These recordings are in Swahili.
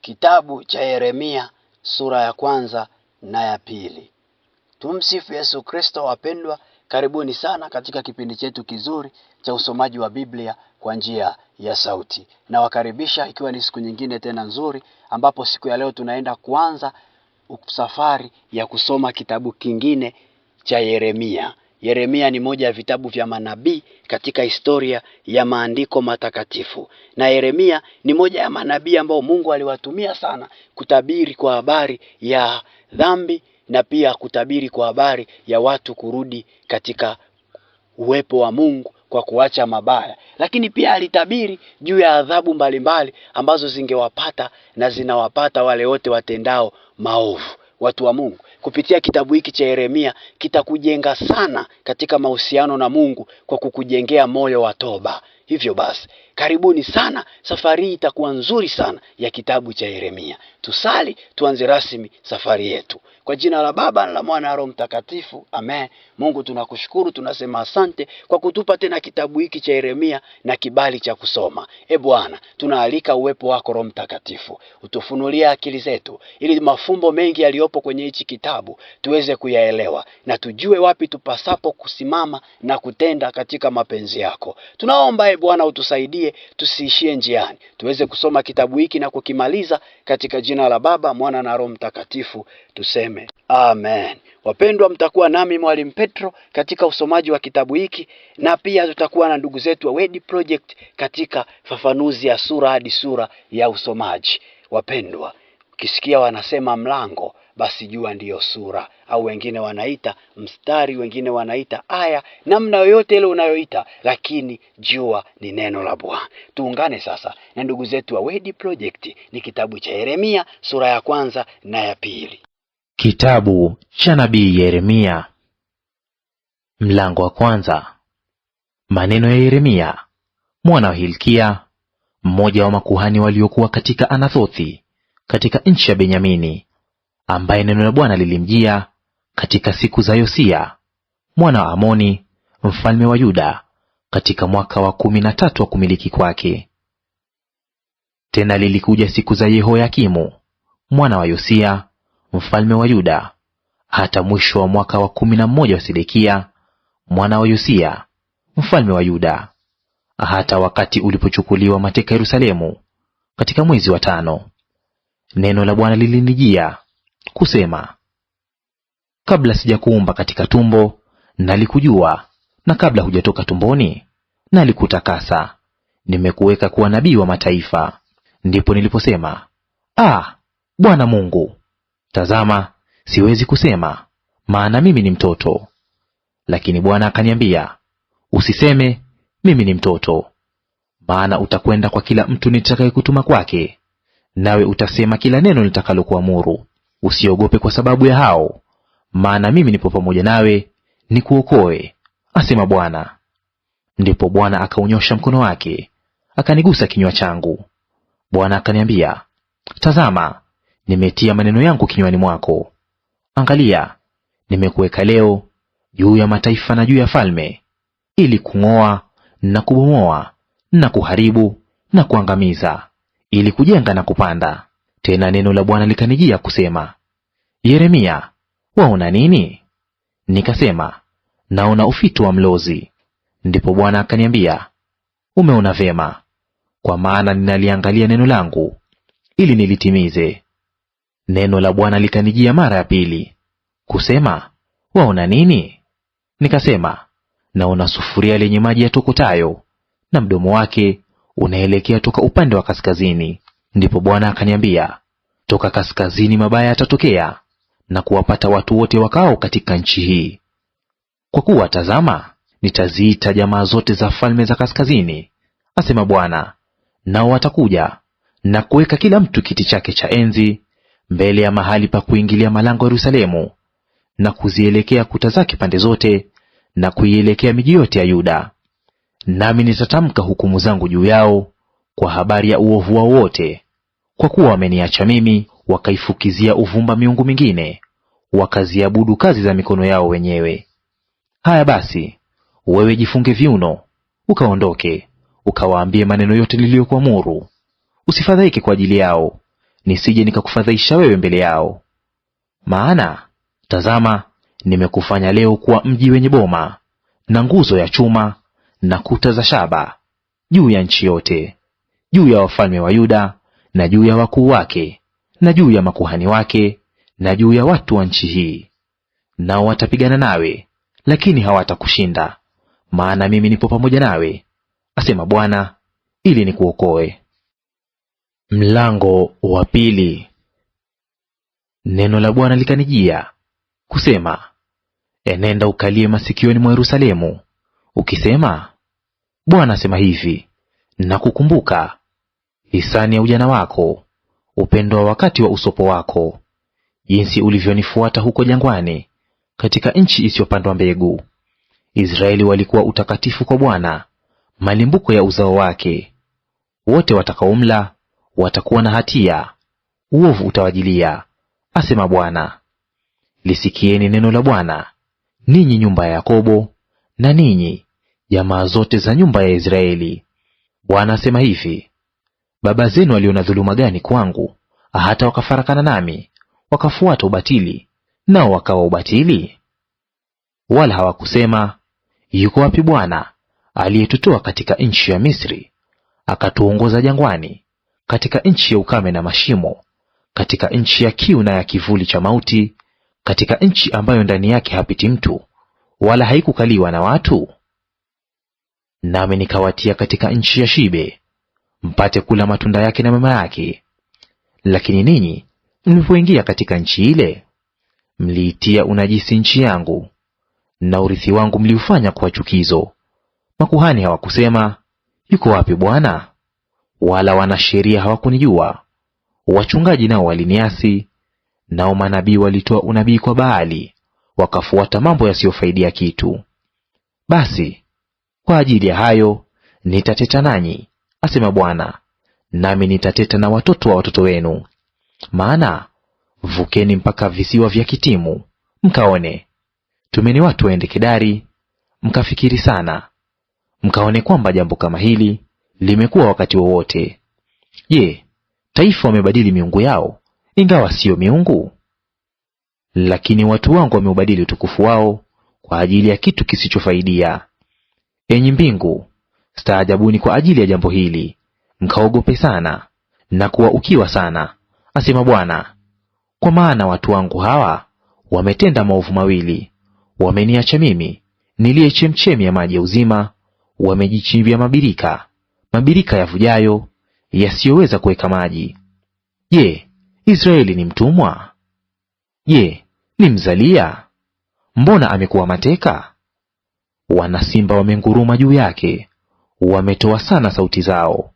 Kitabu cha Yeremia sura ya kwanza na ya pili. Tumsifu Yesu Kristo, wapendwa. Karibuni sana katika kipindi chetu kizuri cha usomaji wa Biblia kwa njia ya sauti. Nawakaribisha ikiwa ni siku nyingine tena nzuri, ambapo siku ya leo tunaenda kuanza safari ya kusoma kitabu kingine cha Yeremia. Yeremia ni moja ya vitabu vya manabii katika historia ya maandiko matakatifu, na Yeremia ni moja ya manabii ambao Mungu aliwatumia sana kutabiri kwa habari ya dhambi na pia kutabiri kwa habari ya watu kurudi katika uwepo wa Mungu kwa kuacha mabaya, lakini pia alitabiri juu ya adhabu mbalimbali ambazo zingewapata na zinawapata wale wote watendao maovu watu wa Mungu, kupitia kitabu hiki cha Yeremia kitakujenga sana katika mahusiano na Mungu kwa kukujengea moyo wa toba. Hivyo basi Karibuni sana, safari hii itakuwa nzuri sana ya kitabu cha Yeremia. Tusali tuanze rasmi safari yetu kwa jina la Baba na la Mwana na Roho Mtakatifu, amen. Mungu tunakushukuru, tunasema asante kwa kutupa tena kitabu hiki cha Yeremia na kibali cha kusoma. E Bwana, tunaalika uwepo wako Roho Mtakatifu, utufunulie akili zetu ili mafumbo mengi yaliyopo kwenye hichi kitabu tuweze kuyaelewa na tujue wapi tupasapo kusimama na kutenda katika mapenzi yako. Tunaomba e Bwana utusaidie tusiishie njiani, tuweze kusoma kitabu hiki na kukimaliza. Katika jina la Baba, Mwana na Roho Mtakatifu tuseme amen. Wapendwa, mtakuwa nami Mwalimu Petro katika usomaji wa kitabu hiki, na pia tutakuwa na ndugu zetu wa Wedi Project katika fafanuzi ya sura hadi sura ya usomaji. Wapendwa, ukisikia wanasema mlango basi jua ndiyo sura, au wengine wanaita mstari, wengine wanaita aya, namna yoyote ile unayoita, lakini jua ni neno la Bwana. Tuungane sasa na ndugu zetu wa Word Project, ni kitabu cha Yeremia sura ya kwanza na ya pili. Kitabu cha nabii Yeremia mlango wa kwanza. Maneno ya Yeremia mwana wa Hilkia, mmoja wa makuhani waliokuwa katika Anathothi katika nchi ya Benyamini, ambaye neno la Bwana lilimjia katika siku za Yosia mwana wa Amoni mfalme wa Yuda katika mwaka wa kumi na tatu wa kumiliki kwake. Tena lilikuja siku za Yehoyakimu mwana wa Yosia mfalme wa Yuda hata mwisho wa mwaka wa kumi na mmoja wa Sedekia mwana wa Yosia mfalme wa Yuda, hata wakati ulipochukuliwa mateka Yerusalemu katika mwezi wa tano, neno la Bwana lilinijia kusema, kabla sijakuumba katika tumbo nalikujua, na kabla hujatoka tumboni nalikutakasa; nimekuweka kuwa nabii wa mataifa. Ndipo niliposema, Ah, Bwana Mungu, tazama, siwezi kusema, maana mimi ni mtoto. Lakini Bwana akaniambia, usiseme mimi ni mtoto, maana utakwenda kwa kila mtu nitakayekutuma kwake, nawe utasema kila neno nitakalokuamuru. Usiogope kwa sababu ya hao, maana mimi nipo pamoja nawe, nikuokoe, asema Bwana. Ndipo Bwana akaunyosha mkono wake akanigusa kinywa changu. Bwana akaniambia, Tazama, nimetia maneno yangu kinywani mwako. Angalia, nimekuweka leo juu ya mataifa na juu ya falme, ili kung'oa na kubomoa na kuharibu na kuangamiza, ili kujenga na kupanda. Tena neno la Bwana likanijia kusema, Yeremia, waona nini? Nikasema, naona ufito wa mlozi. Ndipo Bwana akaniambia, umeona vema, kwa maana ninaliangalia neno langu ili nilitimize. Neno la Bwana likanijia mara ya pili kusema, waona nini? Nikasema, naona sufuria lenye maji yatokotayo, na mdomo wake unaelekea toka upande wa kaskazini. Ndipo Bwana akaniambia, toka kaskazini mabaya yatatokea na kuwapata watu wote wakao katika nchi hii. Kwa kuwa tazama, nitaziita jamaa zote za falme za kaskazini, asema Bwana, nao watakuja na kuweka kila mtu kiti chake cha enzi mbele ya mahali pa kuingilia malango Yerusalemu, na kuzielekea kuta zake pande zote, na kuielekea miji yote ya Yuda. Nami nitatamka hukumu zangu juu yao kwa habari ya uovu wao wote kwa kuwa wameniacha mimi, wakaifukizia uvumba miungu mingine, wakaziabudu kazi za mikono yao wenyewe. Haya basi, wewe jifunge viuno, ukaondoke, ukawaambie maneno yote niliyokuamuru. Usifadhaike kwa ajili yao, nisije nikakufadhaisha wewe mbele yao. Maana tazama, nimekufanya leo kuwa mji wenye boma na nguzo ya chuma na kuta za shaba juu ya nchi yote, juu ya wafalme wa Yuda na juu ya wakuu wake na juu ya makuhani wake na juu ya watu wa nchi hii. Nao watapigana nawe, lakini hawatakushinda, maana mimi nipo pamoja nawe, asema Bwana, ili nikuokoe. Mlango wa pili. Neno la Bwana likanijia kusema, enenda ukalie masikioni mwa Yerusalemu, ukisema, Bwana asema hivi, nakukumbuka hisani ya ujana wako, upendo wa wakati wa usopo wako, jinsi ulivyonifuata huko jangwani, katika nchi isiyopandwa mbegu. Israeli walikuwa utakatifu kwa Bwana, malimbuko ya uzao wake. Wote watakaomla watakuwa na hatia, uovu utawajilia, asema Bwana. Lisikieni neno la Bwana, ninyi nyumba ya Yakobo, na ninyi jamaa zote za nyumba ya Israeli. Bwana asema hivi: Baba zenu waliona dhuluma gani kwangu, hata wakafarakana nami, wakafuata ubatili, nao wakawa ubatili? Wala hawakusema yuko wapi Bwana aliyetutoa katika nchi ya Misri, akatuongoza jangwani, katika nchi ya ukame na mashimo, katika nchi ya kiu na ya kivuli cha mauti, katika nchi ambayo ndani yake hapiti mtu, wala haikukaliwa na watu? Nami nikawatia katika nchi ya shibe mpate kula matunda yake na mema yake. Lakini ninyi mlipoingia katika nchi ile, mliitia unajisi nchi yangu, na urithi wangu mliufanya kuwa chukizo. Makuhani hawakusema yuko wapi Bwana? Wala wanasheria hawakunijua. Wachungaji nao waliniasi, nao manabii walitoa unabii kwa Baali, wakafuata mambo yasiyofaidia kitu. Basi kwa ajili ya hayo nitateta nanyi asema Bwana, nami nitateta na watoto wa watoto wenu. Maana vukeni mpaka visiwa vya Kitimu mkaone; tumeni watu waende Kedari mkafikiri sana, mkaone kwamba jambo kama hili limekuwa wakati wowote. Je, taifa wamebadili miungu yao, ingawa siyo miungu? Lakini watu wangu wameubadili utukufu wao kwa ajili ya kitu kisichofaidia. Enyi mbingu, Staajabuni kwa ajili ya jambo hili, mkaogope sana na kuwa ukiwa sana, asema Bwana. Kwa maana watu wangu hawa wametenda maovu mawili, wameniacha mimi niliye chemchemi ya maji ya uzima, wamejichimbia mabirika, mabirika yavujayo yasiyoweza kuweka maji. Je, Israeli ni mtumwa? Je, ni mzalia? Mbona amekuwa mateka? Wana simba wamenguruma juu yake, wametoa sana sauti zao,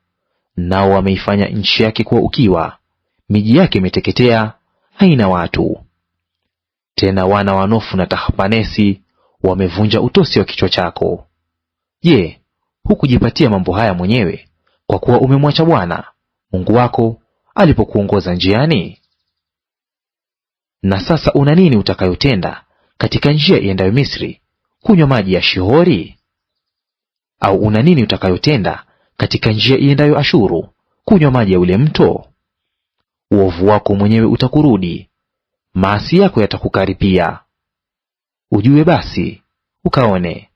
nao wameifanya nchi yake kuwa ukiwa, miji yake imeteketea, haina watu tena. Wana wa Nofu na Tahpanesi wamevunja utosi wa kichwa chako. Je, hukujipatia mambo haya mwenyewe kwa kuwa umemwacha Bwana Mungu wako alipokuongoza njiani? Na sasa una nini utakayotenda katika njia iendayo Misri, kunywa maji ya Shihori? Au una nini utakayotenda katika njia iendayo Ashuru, kunywa maji ya ule mto? Uovu wako mwenyewe utakurudi, maasi yako yatakukaripia. Ujue basi ukaone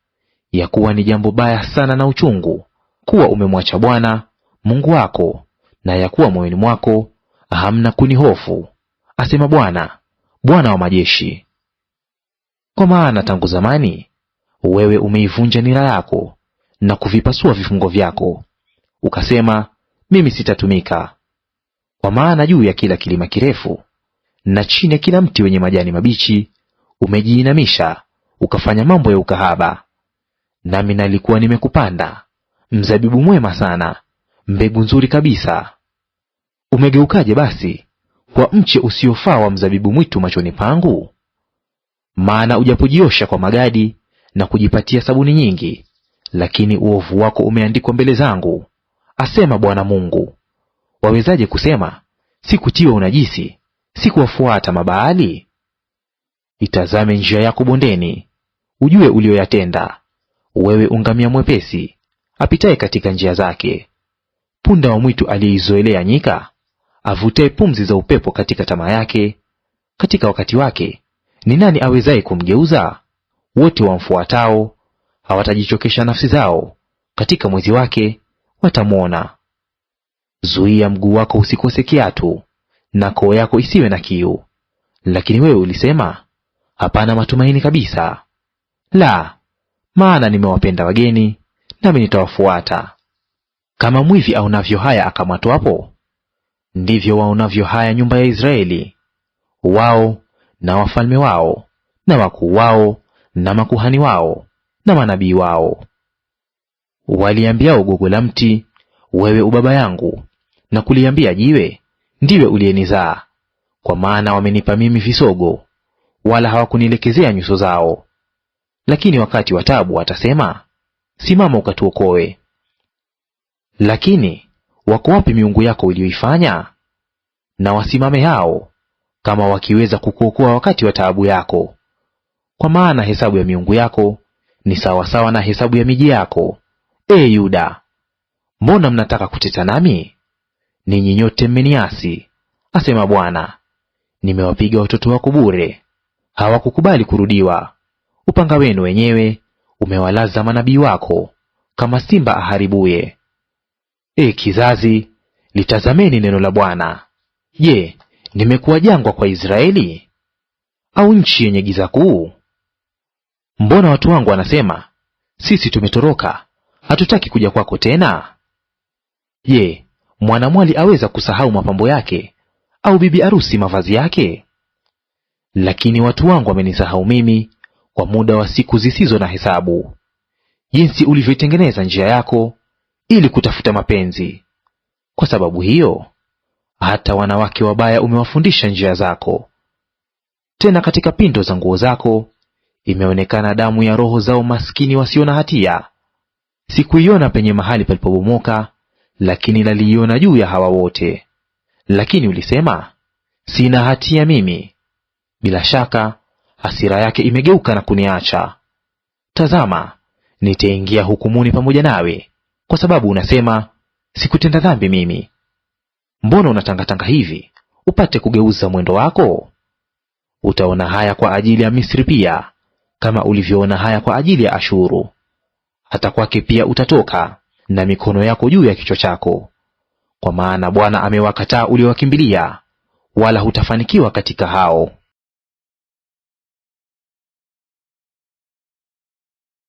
ya kuwa ni jambo baya sana na uchungu kuwa umemwacha Bwana Mungu wako, na ya kuwa moyoni mwako hamna kunihofu, asema Bwana, Bwana wa majeshi. Kwa maana tangu zamani wewe umeivunja nira yako na kuvipasua vifungo vyako, ukasema, mimi sitatumika. Kwa maana juu ya kila kilima kirefu na chini ya kila mti wenye majani mabichi umejiinamisha ukafanya mambo ya ukahaba. Nami nalikuwa nimekupanda mzabibu mwema sana, mbegu nzuri kabisa. Umegeukaje basi kwa mche usiofaa wa mzabibu mwitu machoni pangu? Maana ujapojiosha kwa magadi na kujipatia sabuni nyingi, lakini uovu wako umeandikwa mbele zangu, asema Bwana Mungu. Wawezaje kusema sikutiwa unajisi, sikuwafuata Mabaali? Itazame njia yako bondeni, ujue uliyoyatenda wewe, ungamia mwepesi apitaye katika njia zake, punda wa mwitu aliyeizoelea nyika, avutaye pumzi za upepo katika tamaa yake, katika wakati wake ni nani awezaye kumgeuza? Wote wamfuatao hawatajichokesha nafsi zao, katika mwezi wake watamwona. Zuia mguu wako usikose kiatu, na koo yako isiwe na kiu. Lakini wewe ulisema, hapana matumaini kabisa. La, maana nimewapenda wageni, nami nitawafuata. Kama mwivi aonavyo haya akamatwapo, ndivyo waonavyo haya nyumba ya Israeli, wao na wafalme wao na wakuu wao na makuhani wao na manabii wao, waliambiao ugogo la mti, wewe ubaba yangu, na kuliambia jiwe, ndiwe uliyenizaa. Kwa maana wamenipa mimi visogo, wala hawakunilekezea nyuso zao. Lakini wakati wa taabu watasema, simama ukatuokoe. Lakini wako wapi miungu yako uliyoifanya? Na wasimame hao, kama wakiweza kukuokoa wakati wa taabu yako. Kwa maana hesabu ya miungu yako ni sawasawa na hesabu ya miji yako, e Yuda. Mbona mnataka kuteta nami? Ninyi nyote mmeniasi, asema Bwana. Nimewapiga watoto wako bure, hawakukubali kurudiwa. Upanga wenu wenyewe umewalaza manabii wako kama simba aharibuye. E kizazi, litazameni neno la Bwana. Je, nimekuwa jangwa kwa Israeli, au nchi yenye giza kuu? Mbona watu wangu wanasema, sisi tumetoroka, hatutaki kuja kwako tena? Je, mwanamwali aweza kusahau mapambo yake, au bibi arusi mavazi yake? Lakini watu wangu wamenisahau mimi kwa muda wa siku zisizo na hesabu. Jinsi ulivyoitengeneza njia yako ili kutafuta mapenzi, kwa sababu hiyo hata wanawake wabaya umewafundisha njia zako. Tena katika pindo za nguo zako imeonekana damu ya roho zao maskini wasio na hatia. Sikuiona penye mahali palipobomoka, lakini naliiona juu ya hawa wote. Lakini ulisema sina hatia mimi. Bila shaka hasira yake imegeuka na kuniacha. Tazama, nitaingia hukumuni pamoja nawe, kwa sababu unasema sikutenda dhambi mimi. Mbona unatangatanga hivi upate kugeuza mwendo wako? Utaona haya kwa ajili ya Misri pia, kama ulivyoona haya kwa ajili ya Ashuru. Hata kwake pia utatoka na mikono yako juu ya kichwa chako, kwa maana Bwana amewakataa uliowakimbilia, wala hutafanikiwa katika hao.